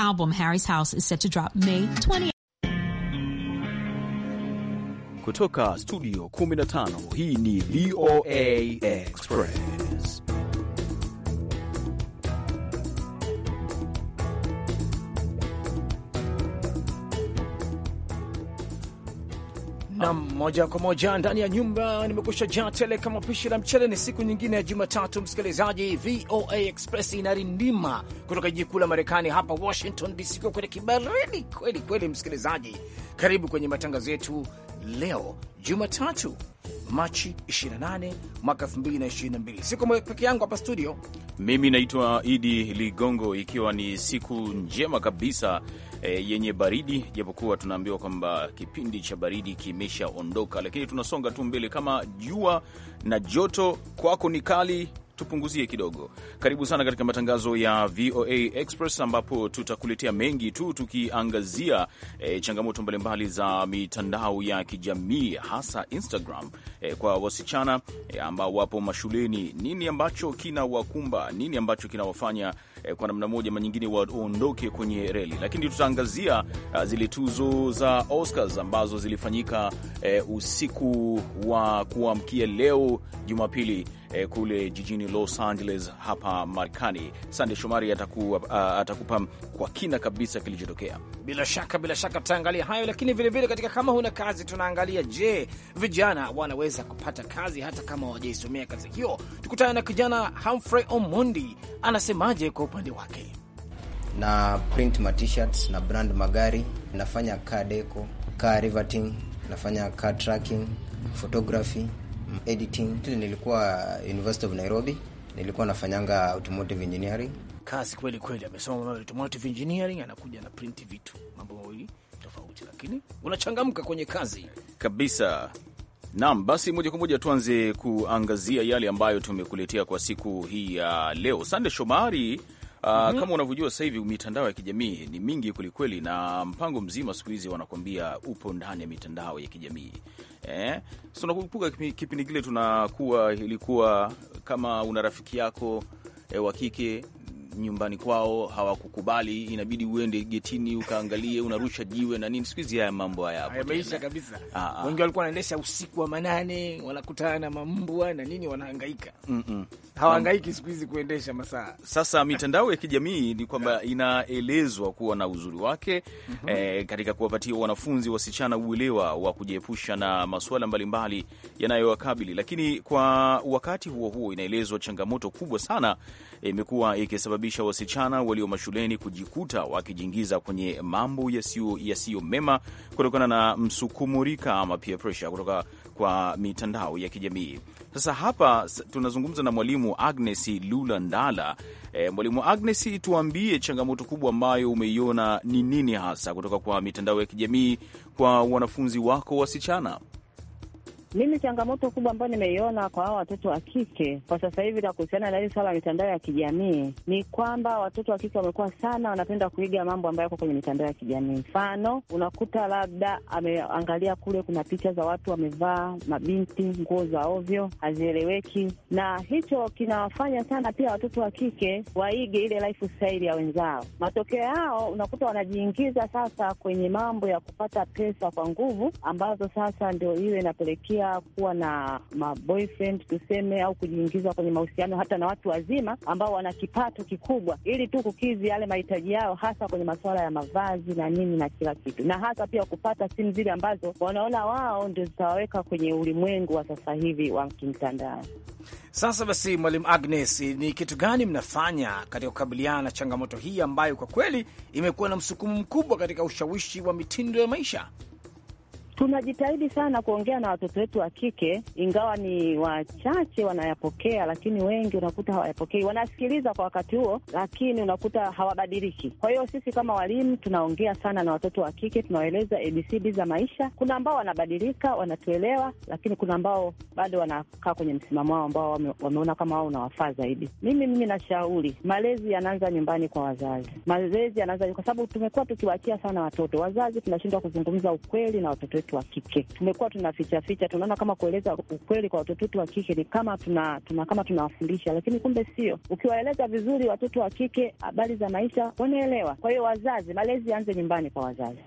album Harry's House is set to drop May 20. Kutoka studio 15 hii ni VOA Express. na moja kwa moja ndani ya nyumba nimekusha ja tele kama pishi la mchele. Ni siku nyingine ya Jumatatu, msikilizaji. VOA Express inarindima kutoka jiji kuu la Marekani hapa Washington DC, kwa kwenye kibaridi kweli kweli. Msikilizaji, karibu kwenye matangazo yetu leo Jumatatu Machi 28 mwaka 2022. Siku peke yangu hapa studio, mimi naitwa Idi Ligongo, ikiwa ni siku njema kabisa e, yenye baridi, japokuwa tunaambiwa kwamba kipindi cha baridi kimeshaondoka, lakini tunasonga tu mbele kama jua na joto. Kwako ni kali tupunguzie kidogo. Karibu sana katika matangazo ya VOA Express ambapo tutakuletea mengi tu tukiangazia e, changamoto mbalimbali za mitandao ya kijamii hasa Instagram e, kwa wasichana e, ambao wapo mashuleni. Nini ambacho kinawakumba? Nini ambacho kinawafanya eh, kwa namna moja manyingine waondoke kwenye reli, lakini tutaangazia uh, zile tuzo za Oscars ambazo zilifanyika eh, usiku wa kuamkia leo Jumapili eh, kule jijini Los Angeles hapa Marekani. Sande Shomari ataku, uh, atakupa kwa kina kabisa kilichotokea. Bila shaka, bila shaka tutaangalia hayo, lakini vilevile katika kama huna kazi tunaangalia, je, vijana wanaweza kupata kazi hata kama hawajaisomea kazi hiyo? Tukutane na kijana Humphrey Omondi anasemaje kwa upande wake. Na print ma t na brand magari, nafanya car deco, car riveting, nafanya car tracking, photography, editing. Nilikuwa University of Nairobi, nilikuwa nafanyanga automotive engineering. Kasi kweli kweli, amesoma automotive engineering, anakuja na print vitu, mambo mawili tofauti, lakini unachangamka kwenye kazi kabisa. Naam, basi moja kwa moja tuanze kuangazia yale ambayo tumekuletea kwa siku hii ya leo. Sande Shomari Uh, mm -hmm. Kama unavyojua sasa hivi mitandao ya kijamii ni mingi kwelikweli, na mpango mzima siku hizi wanakuambia upo ndani ya mitandao ya kijamii eh? So nakumbuka kipindi kile tunakuwa, ilikuwa kama una rafiki yako eh, wa kike nyumbani kwao hawakukubali, inabidi uende getini ukaangalie, unarusha jiwe na nini. Siku hizi haya mambo hayapo, yameisha kabisa. Ah, ah. Wengi walikuwa wanaendesha usiku wa manane, wanakutana na mambwa na nini, wanahangaika mm -mm hawahangaiki siku hizi kuendesha masaa. Sasa mitandao ya kijamii ni kwamba inaelezwa kuwa na uzuri wake mm -hmm. katika kuwapatia wanafunzi wasichana uelewa wa kujiepusha na masuala mbalimbali yanayowakabili, lakini kwa wakati huo huo inaelezwa changamoto kubwa sana imekuwa e, ikisababisha wasichana walio mashuleni kujikuta wakijiingiza kwenye mambo yasiyo yasiyo mema kutokana na msukumurika ama peer pressure kutoka kwa mitandao ya kijamii. Sasa hapa tunazungumza na mwalimu Agnes Lula Ndala. E, mwalimu Agnes, tuambie changamoto kubwa ambayo umeiona ni nini hasa kutoka kwa mitandao ya kijamii kwa wanafunzi wako wasichana? Mimi changamoto kubwa ambayo nimeiona kwa hawa watoto wa kike kwa sasa hivi na kuhusiana na hili swala la mitandao ya kijamii ni kwamba watoto wa kike wamekuwa sana wanapenda kuiga mambo ambayo yako kwenye mitandao ya kijamii. Mfano, unakuta labda ameangalia kule, kuna picha za watu wamevaa mabinti nguo za ovyo hazieleweki, na hicho kinawafanya sana pia watoto wa kike waige ile lifestyle ya wenzao. Matokeo yao unakuta wanajiingiza sasa kwenye mambo ya kupata pesa kwa nguvu, ambazo sasa ndio hiyo inapelekea pia kuwa na maboyfriend tuseme, au kujiingiza kwenye mahusiano hata na watu wazima ambao wana kipato kikubwa, ili tu kukidhi yale mahitaji yao, hasa kwenye masuala ya mavazi na nini na kila kitu, na hasa pia kupata simu zile ambazo wanaona wao ndio zitawaweka kwenye ulimwengu wa sasa hivi wa kimtandao. Sasa basi, Mwalimu Agnes, ni kitu gani mnafanya katika kukabiliana na changamoto hii ambayo kwa kweli imekuwa na msukumo mkubwa katika ushawishi wa mitindo ya maisha? Tunajitahidi sana kuongea na watoto wetu wa kike, ingawa ni wachache wanayapokea, lakini wengi unakuta hawayapokei. Wanasikiliza kwa wakati huo, lakini unakuta hawabadiliki. Kwa hiyo sisi kama walimu tunaongea sana na watoto wa kike, tunawaeleza ABCD za maisha. Kuna ambao wanabadilika, wanatuelewa, lakini kuna ambao bado wanakaa kwenye msimamo wao ambao wameona kama wao unawafaa zaidi. Mimi mimi nashauri malezi yanaanza nyumbani kwa wazazi, malezi yanaanza kwa sababu tumekuwa tukiwachia sana watoto. Wazazi tunashindwa kuzungumza ukweli na watoto wetu watoto wa kike. Tumekuwa tunaficha ficha, tunaona kama kueleza ukweli kwa watoto wetu wa kike ni kama tuna, tuna kama tunawafundisha, lakini kumbe sio. Ukiwaeleza vizuri watoto wa kike habari za maisha wanaelewa. Kwa hiyo wazazi, malezi yaanze nyumbani kwa wazazi.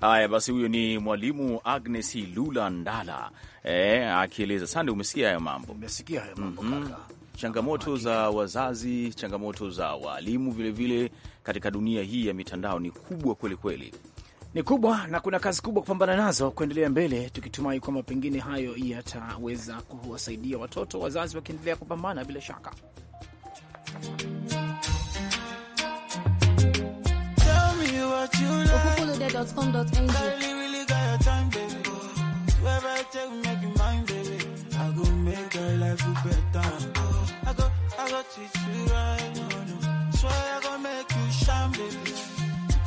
Haya basi, huyo ni mwalimu Agnes Lula Ndala e, akieleza. Sande, umesikia hayo mambo? Umesikia hayo mambo mm -hmm. changamoto za wazazi, changamoto za waalimu vilevile katika dunia hii ya mitandao ni kubwa kwelikweli kweli ni kubwa na kuna kazi kubwa kupambana nazo, kuendelea mbele, tukitumai kwamba pengine hayo yataweza kuwasaidia watoto, wazazi wakiendelea kupambana bila shaka.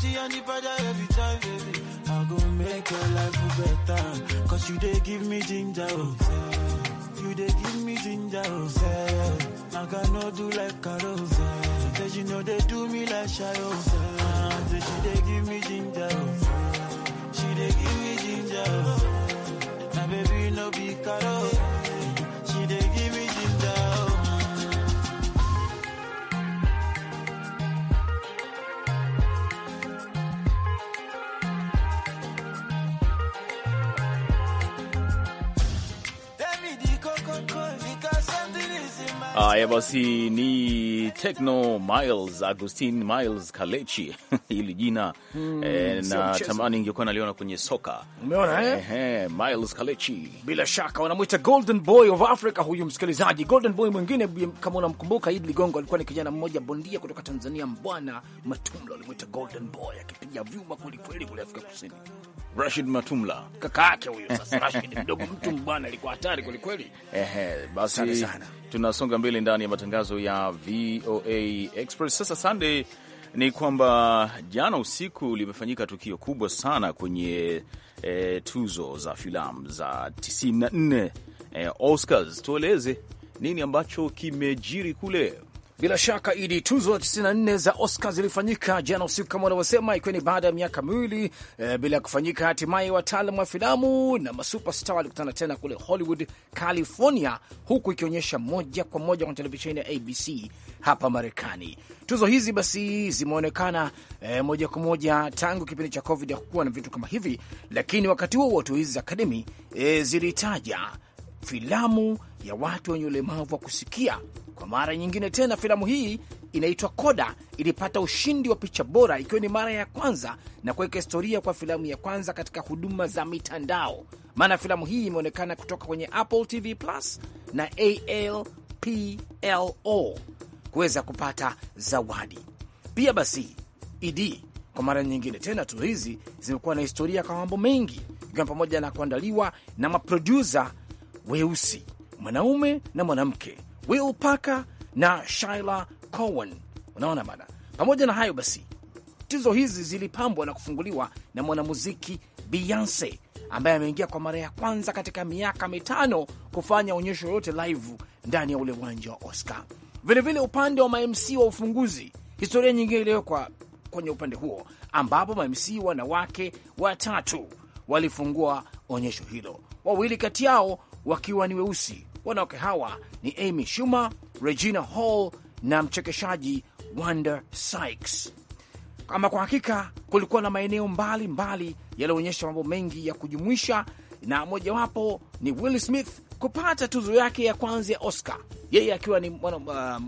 party and the party every time, baby. I go make your life better. Cause you they give me ginger, oh. You they give me ginger, oh. I cannot do like Carols. Cause you know they do me like shadows. Uh, she they give me ginger, oh. She they give me ginger, oh. Now baby, no be Carols. Uh, Haya basi, ni Techno Miles Agustin Miles Kalechi hili jina hmm, e, na tamani ingekuwa naliona kwenye soka. Umeona eh? Eh, Miles Kalechi bila shaka wanamwita Golden Boy of Africa huyu msikilizaji. Golden Boy mwingine kama unamkumbuka, Idi Ligongo alikuwa ni kijana mmoja bondia kutoka Tanzania, Mbwana Matumla alimwita Golden Boy, akipiga vyuma kwelikweli kule Afrika Kusini. Rashid Matumla kaka yake huyo. Sasa Rashid mdogo mtu Mbwana alikuwa hatari kwelikweli. Ehe, basi tunasonga mbele ndani ya matangazo ya VOA Express. Sasa Sunday, ni kwamba jana usiku limefanyika tukio kubwa sana kwenye e, tuzo za filamu za 94 e, eh, Oscars. Tueleze nini ambacho kimejiri kule? Bila shaka Idi, tuzo 94 za Oscar zilifanyika jana usiku kama unavyosema, ikiwa ni baada ya miaka miwili e, bila kufanyika. Hatimaye wataalam wa filamu na masuperstar walikutana tena kule Hollywood, California, huku ikionyesha moja kwa moja kwenye televisheni ya ABC hapa Marekani. Tuzo hizi basi zimeonekana e, moja kwa moja tangu kipindi cha COVID hakukuwa na vitu kama hivi, lakini wakati huo tuzo hizi za Academy e, zilitaja filamu ya watu wenye ulemavu wa kusikia kwa mara nyingine tena, filamu hii inaitwa Koda ilipata ushindi wa picha bora, ikiwa ni mara ya kwanza na kuweka historia kwa filamu ya kwanza katika huduma za mitandao, maana filamu hii imeonekana kutoka kwenye Apple TV Plus na ALPLO kuweza kupata zawadi pia. Basi ed kwa mara nyingine tena, tuzo hizi zimekuwa na historia kwa mambo mengi, ikiwa pamoja na kuandaliwa na maprodusa weusi, mwanaume na mwanamke Will Parker na Shaila cowen Unaona bana. Pamoja na hayo basi, tuzo hizi zilipambwa na kufunguliwa na mwanamuziki Beyonce ambaye ameingia kwa mara ya kwanza katika miaka mitano kufanya onyesho yote live ndani ya ule uwanja wa Oscar. Vilevile upande wa mamc wa ufunguzi, historia nyingine iliyowekwa kwenye upande huo, ambapo mamc wanawake watatu walifungua onyesho hilo, wawili kati yao wakiwa ni weusi Wanawake hawa ni Amy Schumer, Regina Hall na mchekeshaji Wanda Sykes. Ama kwa hakika kulikuwa na maeneo mbalimbali yaliyoonyesha mambo mengi ya kujumuisha, na mojawapo ni Will Smith kupata tuzo yake ya kwanza ya Oscar, yeye akiwa ni uh,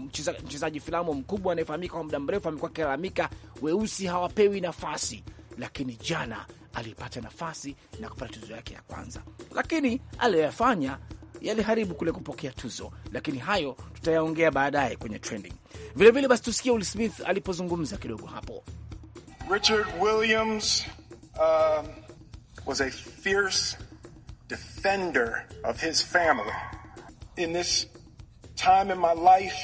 mchezaji filamu mkubwa anayefahamika kwa muda mrefu. Amekuwa akilalamika weusi hawapewi nafasi, lakini jana alipata nafasi na kupata tuzo yake ya kwanza. Lakini aliyoyafanya yaliharibu kule kupokea tuzo, lakini hayo tutayaongea baadaye kwenye trending. Vilevile basi tusikie Will Smith alipozungumza kidogo hapo. Richard Williams um, was a fierce defender of his family in this time in my life.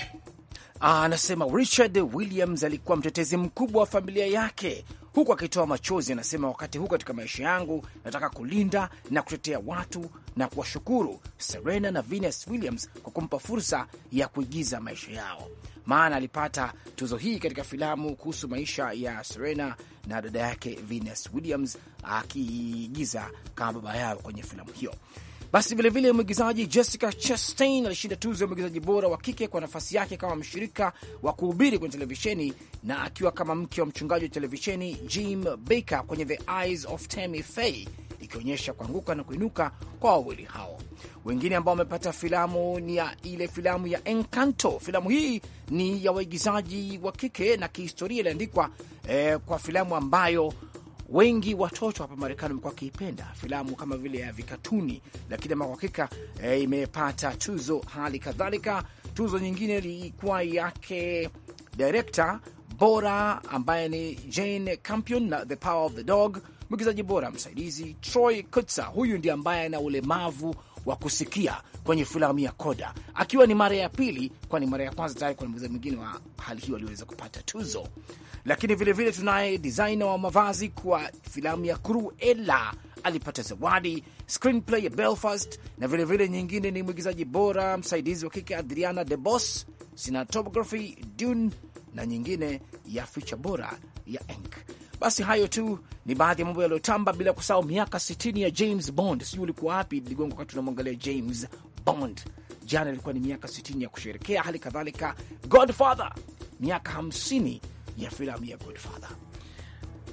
Ah, anasema Richard Williams alikuwa mtetezi mkubwa wa familia yake huku akitoa machozi. Anasema wakati huu katika maisha yangu nataka kulinda na kutetea watu na kuwashukuru Serena na Venus Williams kwa kumpa fursa ya kuigiza maisha yao, maana alipata tuzo hii katika filamu kuhusu maisha ya Serena na dada yake Venus Williams akiigiza kama baba yao kwenye filamu hiyo. Basi vilevile mwigizaji Jessica Chastain alishinda tuzo ya mwigizaji bora wa kike kwa nafasi yake kama mshirika wa kuhubiri kwenye televisheni na akiwa kama mke wa mchungaji wa televisheni Jim Baker kwenye The Eyes of Tammy Faye ikionyesha kuanguka na kuinuka kwa wawili hao. Wengine ambao wamepata filamu ni ya ile filamu ya Encanto. Filamu hii ni ya waigizaji wa kike na kihistoria iliandikwa eh, kwa filamu ambayo wengi watoto hapa Marekani wamekuwa wakiipenda filamu kama vile ya vikatuni, lakini ama kwa hakika e, imepata tuzo. Hali kadhalika tuzo nyingine ilikuwa yake direkta bora ambaye ni Jane Campion na The Power of the Dog mwigizaji bora msaidizi Troy Kutsa, huyu ndiye ambaye ana ulemavu wa kusikia kwenye filamu ya Koda, akiwa ni mara ya pili, kwani mara ya kwanza tayari kuna mwigizaji mwingine wa hali hiyo aliweza kupata tuzo. Lakini vilevile tunaye designer wa mavazi kwa filamu ya Crew alipata zawadi screenplay ya Belfast, na vilevile vile nyingine ni mwigizaji bora msaidizi wa kike Adriana De Bos cinematography Dune, na nyingine ya ficha bora ya Enk. Basi hayo tu ni baadhi ya mambo yaliyotamba, bila kusahau miaka 60 ya James Bond. Sijui ulikuwa wapi Ligongo wakati unamwangalia James Bond jana, ilikuwa ni miaka 60 ya kusherekea. Hali kadhalika Godfather, miaka 50 ya filamu ya Godfather.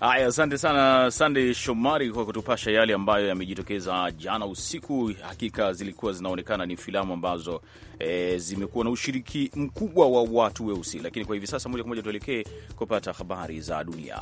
Haya, asante sana sandey Shomari kwa kutupasha yale ambayo yamejitokeza jana usiku. Hakika zilikuwa zinaonekana ni filamu ambazo e, zimekuwa na ushiriki mkubwa wa watu weusi, lakini kwa hivi sasa moja kwa moja tuelekee kupata habari za dunia.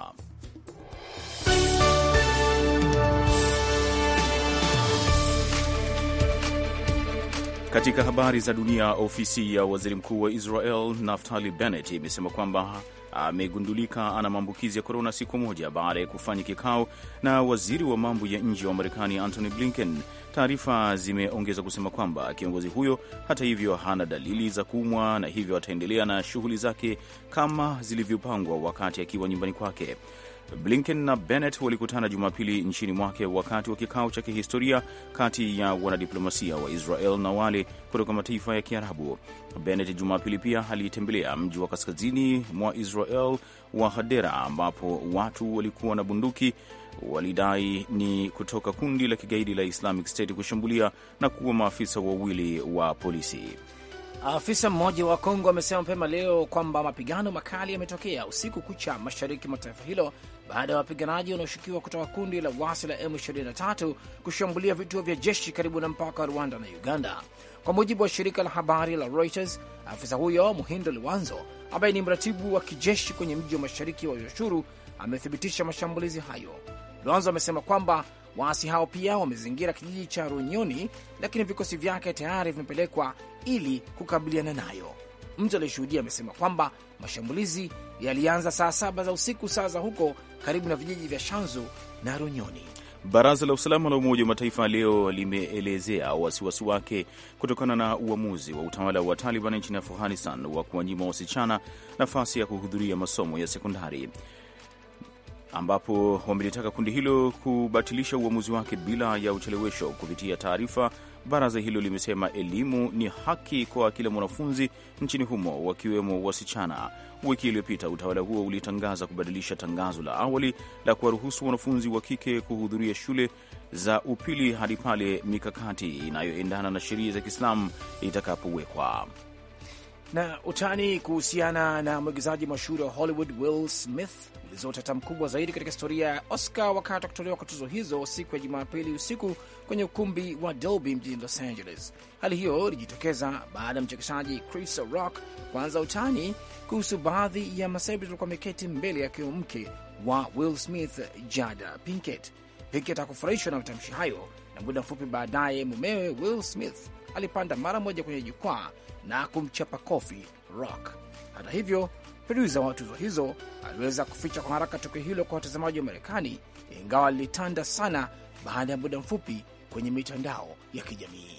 Katika habari za dunia, ofisi ya waziri mkuu wa Israel Naftali Bennett imesema kwamba amegundulika ana maambukizi ya korona siku moja baada ya kufanya kikao na waziri wa mambo ya nje wa Marekani Antony Blinken. Taarifa zimeongeza kusema kwamba kiongozi huyo hata hivyo hana dalili za kuumwa na hivyo ataendelea na shughuli zake kama zilivyopangwa wakati akiwa nyumbani kwake. Blinken na Bennett walikutana Jumapili nchini mwake wakati wa kikao cha kihistoria kati ya wanadiplomasia wa Israel na wale kutoka mataifa ya Kiarabu. Bennett Jumapili pia alitembelea mji wa kaskazini mwa Israel wa Hadera, ambapo watu walikuwa na bunduki walidai ni kutoka kundi la kigaidi la Islamic State kushambulia na kuua maafisa wawili wa polisi. Afisa mmoja wa Kongo amesema mapema leo kwamba mapigano makali yametokea usiku kucha mashariki mwa taifa hilo baada ya wapiganaji wanaoshukiwa kutoka kundi la wasi la M23 kushambulia vituo vya jeshi karibu na mpaka wa Rwanda na Uganda. Kwa mujibu wa shirika la habari la Reuters, afisa huyo Muhindo Liwanzo, ambaye ni mratibu wa kijeshi kwenye mji wa mashariki wa Yoshuru amethibitisha mashambulizi hayo. Luanzo amesema kwamba Waasi hao pia wamezingira kijiji cha Runyoni, lakini vikosi vyake tayari vimepelekwa ili kukabiliana nayo. Mtu aliyeshuhudia amesema kwamba mashambulizi yalianza saa saba za usiku saa za huko, karibu na vijiji vya Shanzu na Runyoni. Baraza la usalama la Umoja wa Mataifa leo limeelezea wasiwasi wake kutokana na uamuzi wa utawala wa Taliban nchini Afghanistan wa kuwanyima wasichana nafasi ya kuhudhuria masomo ya sekondari ambapo wamelitaka kundi hilo kubatilisha uamuzi wake bila ya uchelewesho. Kupitia taarifa, baraza hilo limesema elimu ni haki kwa kila mwanafunzi nchini humo, wakiwemo wasichana. Wiki iliyopita utawala huo ulitangaza kubadilisha tangazo la awali la kuwaruhusu wanafunzi wa kike kuhudhuria shule za upili hadi pale mikakati inayoendana na sheria za Kiislamu itakapowekwa. Na utani kuhusiana na mwigizaji mashuhuri wa Hollywood Will Smith ulizota mkubwa kubwa zaidi katika historia ya Oscar wakati wa kutolewa kwa tuzo hizo siku ya Jumapili usiku kwenye ukumbi wa Dolby mjini Los Angeles. Hali hiyo ilijitokeza baada ya mchekeshaji Chris Rock kuanza utani kuhusu baadhi ya maselebriti walikuwa wameketi mbele ya mke wa Will Smith, Jada Pinkett. Pinkett hakufurahishwa na matamshi hayo na muda mfupi baadaye mumewe Will Smith alipanda mara moja kwenye jukwaa na kumchapa kofi Rock. Hata hivyo, produsa wa tuzo hizo aliweza kuficha kwa haraka tukio hilo kwa watazamaji wa Marekani, ingawa lilitanda sana baada ya muda mfupi kwenye mitandao ya kijamii.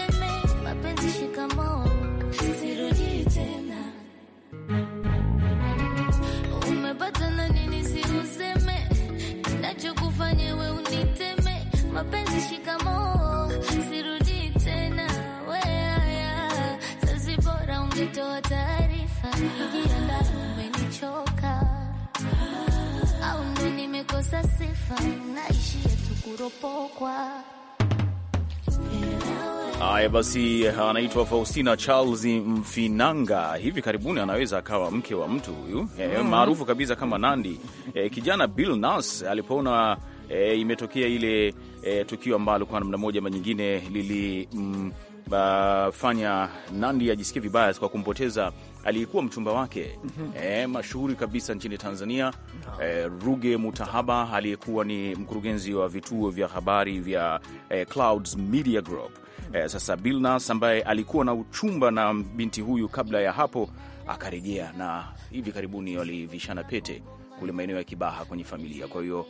Haya basi, anaitwa Faustina Charles Mfinanga. Hivi karibuni anaweza akawa mke wa mtu huyu e, maarufu kabisa kama Nandi. E, kijana Bill nas alipoona e, imetokea ile e, tukio ambalo kwa namna moja ama nyingine lili mm, bafanya Nandi ajisikia vibaya kwa kumpoteza aliyekuwa mchumba wake mm -hmm. E, mashuhuri kabisa nchini Tanzania no. E, eh, Ruge Mutahaba aliyekuwa ni mkurugenzi wa vituo vya habari vya e, Clouds Media Group e, sasa Billnas ambaye alikuwa na uchumba na binti huyu kabla ya hapo akarejea, na hivi karibuni walivishana pete kule maeneo ya Kibaha kwenye familia. Kwa hiyo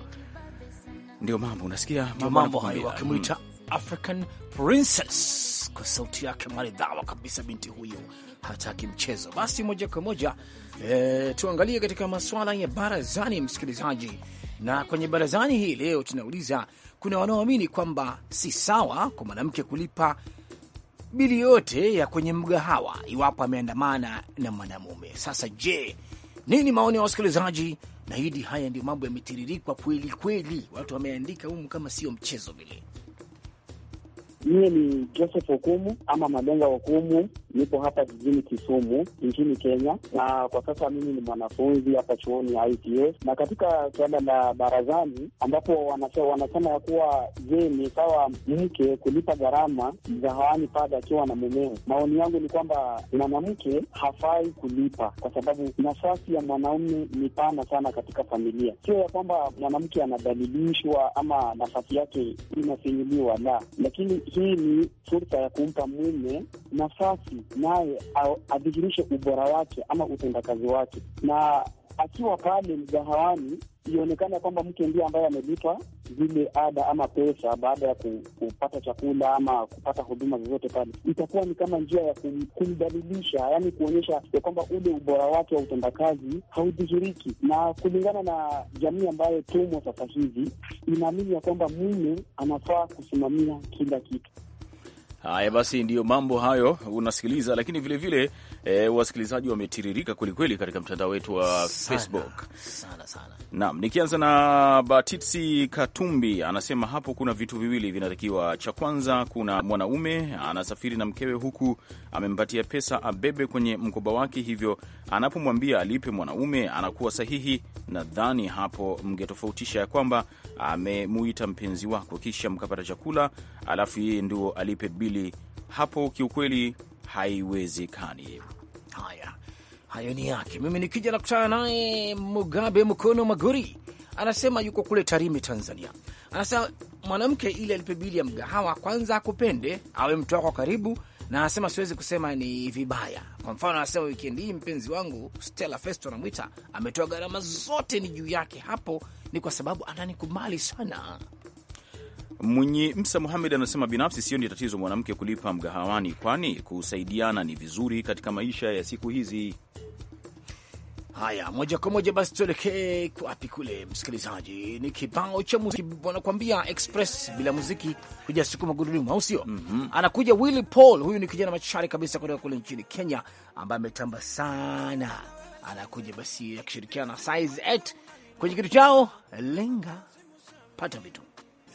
ndio mambo unasikia mambo hayo wakimwita mm. African Princess kwa sauti yake maridhawa kabisa, binti huyo hataki mchezo. Basi moja kwa moja e, tuangalie katika masuala ya barazani, msikilizaji. Na kwenye barazani hii leo tunauliza, kuna wanaoamini kwamba si sawa kwa mwanamke kulipa bili yote ya kwenye mgahawa iwapo ameandamana na mwanamume. Sasa je, nini maoni ya wasikilizaji? Nahidi haya ndio mambo yametiririkwa kweli kweli, watu wameandika humu kama sio mchezo vile. Mimi ni Joseph Okumu ama Malenga Okumu, nipo hapa jijini Kisumu nchini Kenya, na kwa sasa mimi ni mwanafunzi hapa chuoni ya ITS, na katika suala la barazani, ambapo wanasema ya kuwa je, ni sawa mke kulipa gharama mgahawani pale akiwa na mumeo? Maoni yangu ni kwamba mwanamke hafai kulipa, kwa sababu nafasi ya mwanaume ni pana sana katika familia. Sio ya kwamba mwanamke anadhalilishwa ama nafasi yake inafinyuliwa, la, lakini hii ni fursa ya kumpa mume nafasi naye adhihirishe ubora wake ama utendakazi wake, na akiwa pale mgahawani ionekana kwamba mtu ndio ambaye amelipa zile ada ama pesa baada ya kupata chakula ama kupata huduma zozote pale, itakuwa ni kama njia ya kumdhalilisha, yaani kuonyesha ya kwamba ule ubora wake wa utendakazi haudhihiriki. Na kulingana na jamii ambayo tumo sasa hivi, inaamini ya kwamba mume anafaa kusimamia kila kitu. Haya basi, ndiyo mambo hayo unasikiliza, lakini vilevile vile, E, wasikilizaji wametiririka kwelikweli katika mtandao wetu wa sana, Facebook sana, sana. Naam, nikianza na Batitsi Katumbi anasema hapo kuna vitu viwili vinatakiwa. Cha kwanza, kuna mwanaume anasafiri na mkewe, huku amempatia pesa abebe kwenye mkoba wake, hivyo anapomwambia alipe mwanaume anakuwa sahihi. Nadhani hapo mngetofautisha ya kwamba amemuita mpenzi wako, kisha mkapata chakula, alafu yeye ndio alipe bili. Hapo kiukweli haiwezekani. Haya, hayo ni yake. Mimi nikija nakutana naye Mugabe Mkono Maguri, anasema yuko kule Tarimi, Tanzania. Anasema mwanamke ile alipebili ya mgahawa kwanza akupende, awe mtu wako karibu na anasema siwezi kusema ni vibaya. Kwa mfano, anasema wikendi hii mpenzi wangu Stella Festo anamwita, ametoa gharama zote ni juu yake, hapo ni kwa sababu ananikubali sana. Mwenye Msa Muhamed anasema binafsi sio sioni tatizo mwanamke kulipa mgahawani, kwani kusaidiana ni vizuri katika maisha ya siku hizi. Haya, moja kwa moja basi tuelekee wapi? Kule msikilizaji, ni kibao cha muziki wanakuambia express, bila muziki kuja siku magurudumu, au sio? mm -hmm. Anakuja Willy Paul, huyu ni kijana machari kabisa kutoka kule nchini Kenya ambaye ametamba sana. Anakuja basi akishirikiana na Size 8 kwenye kitu chao lenga pata vitu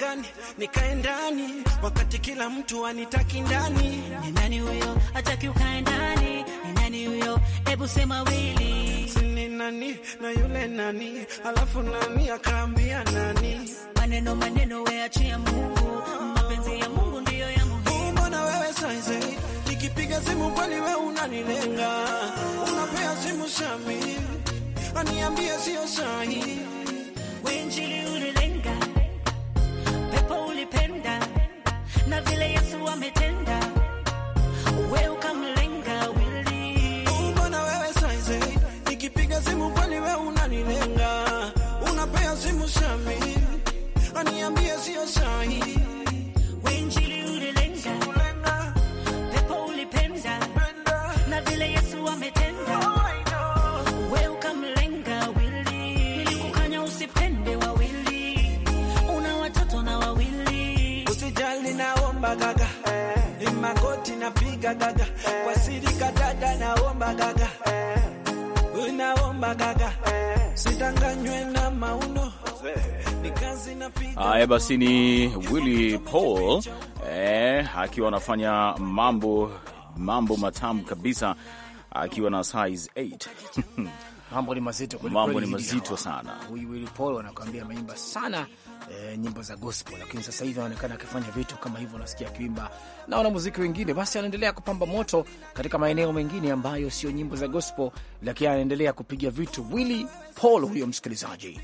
gani nikae ndani wakati kila mtu anitaki ndani? Ni nani huyo hataki ukae ndani? Ni nani huyo? Hebu sema wili, si ni nani na yule nani, alafu nani akaambia nani? Maneno maneno, weachia Mungu, mapenzi ya Mungu ndiyo ya muhimu. Mbona wewe saizi nikipiga simu kwani wewe unanilenga? Unapea simu shami aniambie sio sahi wenjili ule ulinipenda na vile Yesu ametenda, we ukamlenga wili. Oh, mbona wewe saizi nikipiga simu kwani we unanilenga? Unapea simu shami, aniambie sio sahihi Haya basi, ni Willy Paul eh, akiwa anafanya mambo mambo matamu kabisa akiwa na size 8 mambo ni mazito kweli, mambo ni mazito sana. Huyu Willy Paul anakuambia ameimba sana e, nyimbo za gospel, lakini sasa hivi anaonekana akifanya vitu kama hivyo, unasikia akiimba na wanamuziki wengine. Basi anaendelea kupamba moto katika maeneo mengine ambayo sio nyimbo za gospel, lakini anaendelea kupiga vitu Willy Paul huyo, msikilizaji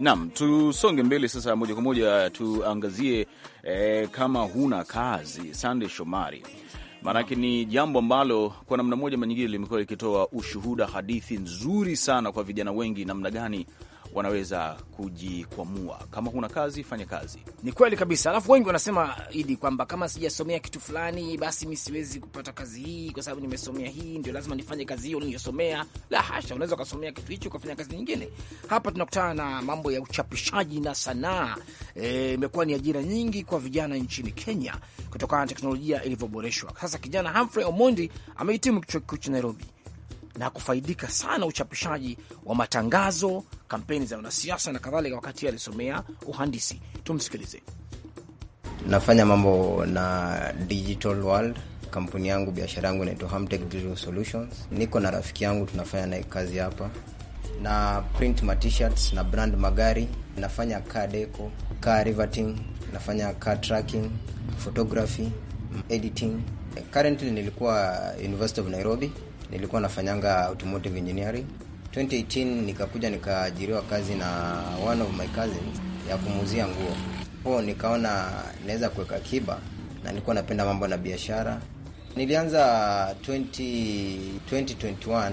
nam tusonge mbele sasa, moja kwa moja tuangazie eh, kama huna kazi, Sande Shomari, maanake ni jambo ambalo kwa namna moja manyingine limekuwa likitoa ushuhuda, hadithi nzuri sana kwa vijana wengi, namna gani wanaweza kujikwamua. Kama huna kazi, fanya kazi. Ni kweli kabisa. Alafu wengi wanasema Idi kwamba kama sijasomea kitu fulani, basi mi siwezi kupata kazi hii, kwa sababu nimesomea hii, ndio lazima nifanye kazi hiyo niliyosomea. La hasha, unaweza ukasomea kitu hicho ukafanya kazi nyingine. Hapa tunakutana na mambo ya uchapishaji na sanaa. E, imekuwa e, ni ajira nyingi kwa vijana nchini Kenya kutokana na teknolojia ilivyoboreshwa. Sasa kijana Humphrey Omondi amehitimu chuo kikuu cha Nairobi na kufaidika sana uchapishaji wa matangazo, kampeni za wanasiasa na kadhalika, wakati alisomea uhandisi. Tumsikilize. Nafanya mambo na digital world Kampuni yangu biashara yangu inaitwa Hamtech Digital Solutions. Niko na rafiki yangu tunafanya naye kazi hapa, na print ma na brand magari. Nafanya car deco, car riveting, nafanya car tracking, photography, editing. Currently nilikuwa University of Nairobi nilikuwa nafanyanga automotive engineering. 2018 nikakuja nikaajiriwa kazi na one of my cousins ya kumuuzia nguo po, nikaona naweza kuweka kiba na nilikuwa napenda mambo na biashara. Nilianza 20, 2021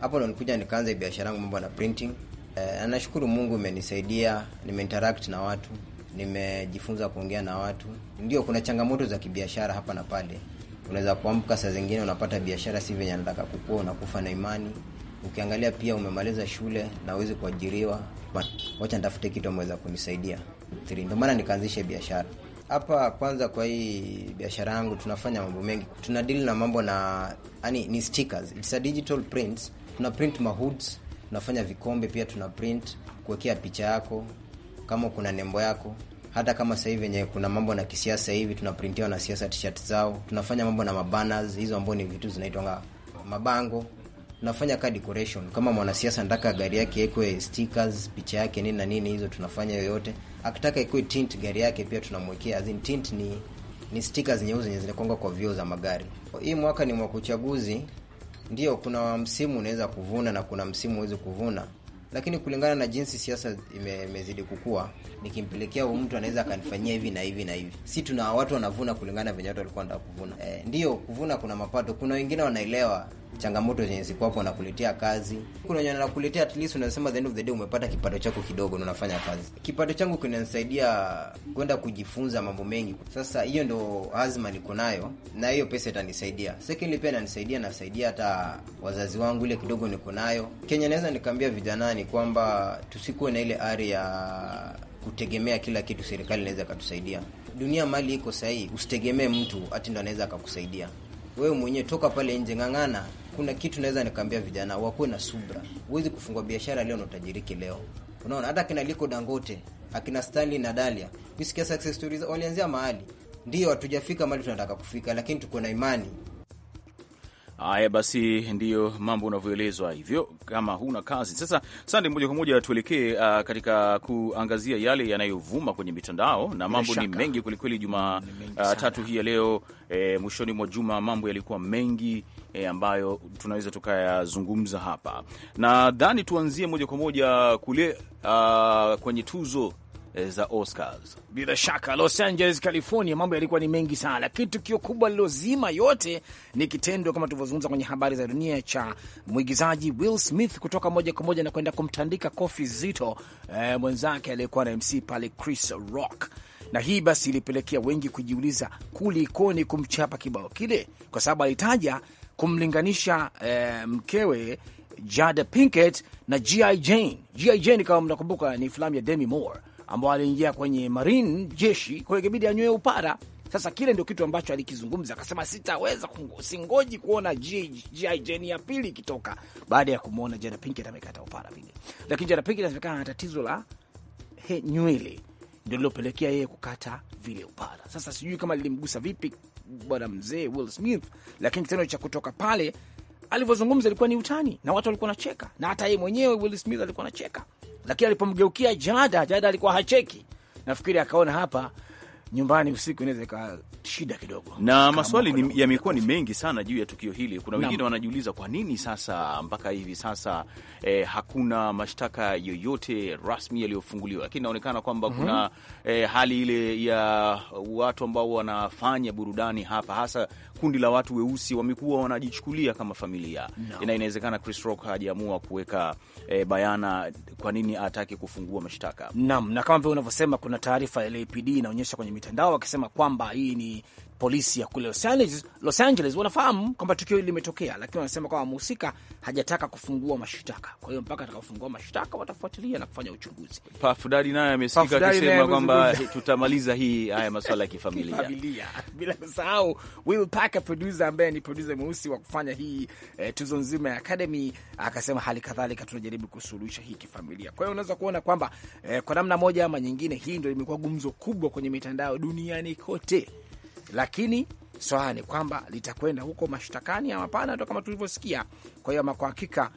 hapo ndo nilikuja nikaanza biashara yangu mambo na printing. E, nashukuru Mungu imenisaidia, nimeinteract na watu, nimejifunza kuongea na watu. Ndio kuna changamoto za kibiashara hapa na pale Unaweza kuamka saa zingine unapata biashara si venye anataka kukua, unakufa na imani. Ukiangalia pia umemaliza shule na uwezi kuajiriwa, wacha nitafute kitu ameweza kunisaidia. Ndio maana nikaanzisha biashara hapa. Kwanza kwa hii biashara yangu tunafanya mambo mengi, tuna deal na mambo na yani, ni stickers, it's a digital Tuna print mahoods, tunafanya vikombe pia, tuna print kuwekea picha yako, kama kuna nembo yako hata kama sasa hivi yenye kuna mambo na kisiasa hivi tunaprintiwa na siasa t-shirt zao, tunafanya mambo na mabanners hizo, ambao ni vitu zinaitwa mabango, tunafanya ka decoration. Kama mwanasiasa anataka gari yake ikwe stickers, picha yake nini na nini, hizo tunafanya yoyote. Akitaka ikwe tint gari yake pia tunamwekea, as in tint ni ni stickers nyeusi zenye zinakonga kwa vioo za magari. Hii mwaka ni mwaka uchaguzi, ndio kuna msimu unaweza kuvuna na kuna msimu huwezi kuvuna lakini kulingana na jinsi siasa imezidi kukua, nikimpelekea huyu mtu anaweza akanifanyia hivi na hivi na hivi, si tuna watu wanavuna kulingana venye watu walikuwa wanataka kuvuna. E, ndio kuvuna kuna mapato, kuna wengine wanaelewa changamoto zenye na kuletea kazi, kuna wenye nakuletea, at least unasema the end of the day umepata kipato chako kidogo na unafanya kazi. Kipato changu kinanisaidia kwenda kujifunza mambo mengi. Sasa hiyo ndo azma niko nayo, na hiyo pesa itanisaidia. Secondly, pia inanisaidia nasaidia hata wazazi wangu, ile kidogo niko nayo. Kenya naweza nikaambia vijanani kwamba tusikuwe na ile ari ya kutegemea kila kitu serikali inaweza ikatusaidia. Dunia mali iko sahii, usitegemee mtu ati ndo anaweza akakusaidia wewe mwenyewe. Toka pale nje, ng'ang'ana kuna kitu naweza nikaambia vijana wakuwe na subra. Huwezi kufungua biashara leo na utajiriki leo, unaona. Hata akina Liko Dangote, akina Stanley na Dalia, kusikia success stories walianzia mahali. Ndio hatujafika mahali tunataka kufika, lakini tuko na imani Haya basi, ndiyo mambo unavyoelezwa hivyo, kama huna kazi. Sasa sande, moja kwa moja tuelekee uh, katika kuangazia yale yanayovuma kwenye mitandao na mambo Meshaka. ni mengi kwelikweli juma uh, tatu hii ya leo e, mwishoni mwa juma mambo yalikuwa mengi e, ambayo tunaweza tukayazungumza hapa. Nadhani tuanzie moja kwa moja kule uh, kwenye tuzo Eh, za Oscars. Bila shaka Los Angeles, California, mambo yalikuwa ni mengi sana, lakini tukio kubwa lilozima yote ni kitendo kama tulivyozungumza kwenye habari za dunia cha mwigizaji Will Smith kutoka moja kwa moja na kwenda kumtandika kofi zito eh, mwenzake aliyekuwa na MC pale Chris Rock na hii basi ilipelekea wengi kujiuliza kulikoni kumchapa kibao kile, kwa sababu alitaja kumlinganisha eh, mkewe Jada Pinkett na G.I. Jane. G.I. Jane kama mnakumbuka, ni filamu ya Demi Moore ambao aliingia kwenye marine jeshi, kwa hiyo ikabidi anywe upara. Sasa kile ndio kitu ambacho alikizungumza, akasema sitaweza, singoji kuona GI Jane ya pili ikitoka baada ya kumwona Jada Pinkett amekata upara vile. Lakini Jada Pinkett inasemekana na tatizo la nywele ndio lilopelekea yeye kukata vile upara. Sasa sijui kama lilimgusa vipi bwana mzee Will Smith, lakini kitendo cha kutoka pale alivyozungumza ilikuwa ni utani na watu walikuwa nacheka, na hata yeye mwenyewe Will Smith alikuwa nacheka lakini alipomgeukia Jada, Jada alikuwa hacheki. Nafikiri akaona hapa nyumbani usiku inaweza ikawa shida kidogo. Na maswali yamekuwa ni mengi sana juu ya tukio hili. Kuna wengine wanajiuliza kwa nini sasa mpaka hivi sasa eh, hakuna mashtaka yoyote rasmi yaliyofunguliwa, lakini inaonekana kwamba mm -hmm. kuna eh, hali ile ya watu ambao wanafanya burudani hapa, hasa kundi la watu weusi wamekuwa wanajichukulia kama familia no. na inawezekana Chris Rock hajaamua kuweka e, bayana kwa nini atake kufungua mashtaka nam, na kama vile unavyosema, kuna taarifa ya LAPD inaonyesha kwenye mitandao wakisema kwamba hii ni polisi ya kule Los Angeles, Los Angeles wanafahamu kwamba tukio hili limetokea, lakini wanasema kwamba mhusika hajataka kufungua mashtaka. Kwa hiyo mpaka atakapofungua mashtaka watafuatilia na kufanya uchunguzi. Pafudari naye amesikika akisema kwamba tutamaliza hii haya masuala ya kifamilia kifamilia, bila kusahau Will Packer, producer ambaye ni producer mweusi wa kufanya hii eh, tuzo nzima ya Academy, akasema hali kadhalika tunajaribu kusuluhisha hii kifamilia. Kwa hiyo unaweza kuona kwamba eh, kwa namna moja ama nyingine, hii ndio imekuwa gumzo kubwa kwenye mitandao duniani kote lakini swala ni kwamba litakwenda huko mashtakani ama pana to kama tulivyosikia. Kwa hiyo ama kwa hakika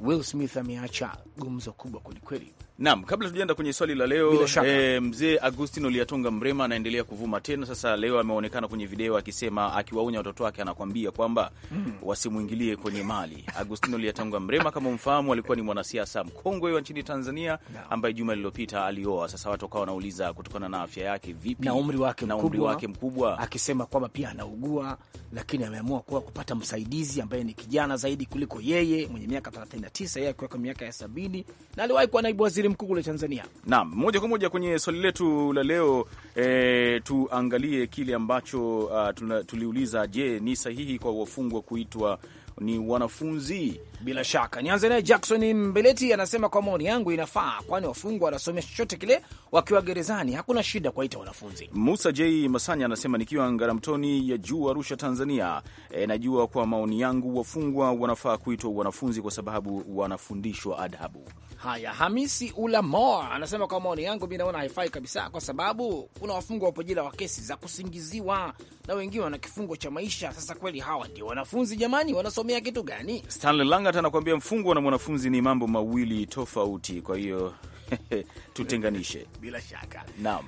Will Smith ameacha gumzo kubwa kwelikweli. Naam, kabla tujaenda kwenye swali la leo e, mzee Agustin Liatonga Mrema anaendelea kuvuma tena. Sasa leo ameonekana kwenye video akisema, akiwaonya watoto wake, anakwambia kwamba mm, wasimwingilie kwenye mali. Agustin Liatonga Mrema kama mfahamu, alikuwa ni mwanasiasa mkongwe wa nchini Tanzania ambaye juma lililopita alioa. Sasa watu wakawa wanauliza kutokana na afya yake vipi na umri wake na umri wake mkubwa, akisema kwamba pia anaugua, lakini ameamua kuwa kupata msaidizi ambaye ni kijana zaidi kuliko yeye mwenye miaka 39, yeye akiwa miaka ya 70 na aliwahi kuwa naibu waziri mkuu kule Tanzania. Naam, moja kwa moja kwenye swali letu la leo e, tuangalie kile ambacho uh, tuna, tuliuliza, je, ni sahihi kwa wafungwa kuitwa ni wanafunzi? Bila shaka nianze naye Jackson Mbeleti anasema, kwa maoni yangu inafaa, kwani wafungwa wanasomea chochote kile wakiwa gerezani, hakuna shida kuwaita wanafunzi. Musa J Masanya anasema, nikiwa Ngaramtoni ya Juu, Arusha, Tanzania, e, najua kwa maoni yangu wafungwa wanafaa kuitwa wanafunzi kwa sababu wanafundishwa adabu. Haya, Hamisi Ulamoa anasema kwa maoni yangu, mi naona haifai kabisa, kwa sababu kuna wafungwa wapo jela wa kesi za kusingiziwa na wengine wana kifungo cha maisha. Sasa kweli hawa ndio wanafunzi jamani? Wanasomea kitu gani? Stanley Langat anakuambia mfungwa na mwanafunzi ni mambo mawili tofauti, kwa hiyo tutenganishe bila shaka. Naam.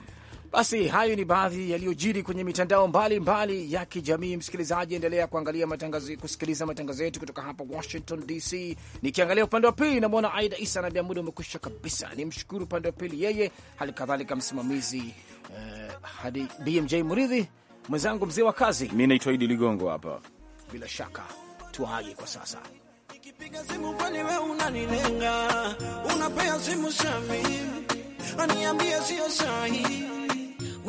Basi hayo ni baadhi yaliyojiri kwenye mitandao mbalimbali mbali ya kijamii. Msikilizaji, endelea kuangalia matangazo, kusikiliza matangazo yetu kutoka hapa Washington DC. Nikiangalia upande wa pili, namwona Aida Isa anaambia muda umekwisha kabisa. Ni mshukuru upande wa pili yeye, hali kadhalika msimamizi uh, hadi BMJ Muridhi, mwenzangu mzee wa kazi. Mi naitwa Idi Ligongo hapa. Bila shaka tuage kwa sasa Nikipiga simu kwani we unanilenga, unapea simu shami, aniambie sio sahi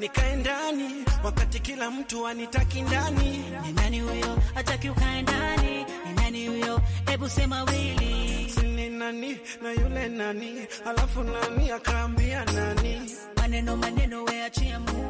nikae ndani, wakati kila mtu anitaki ndani. Ni nani huyo ataki ukae ndani? Ni nani huyo? Hebu sema wili, ni nani na yule nani, alafu nani akaambia nani? Maneno maneno, weachia Mungu.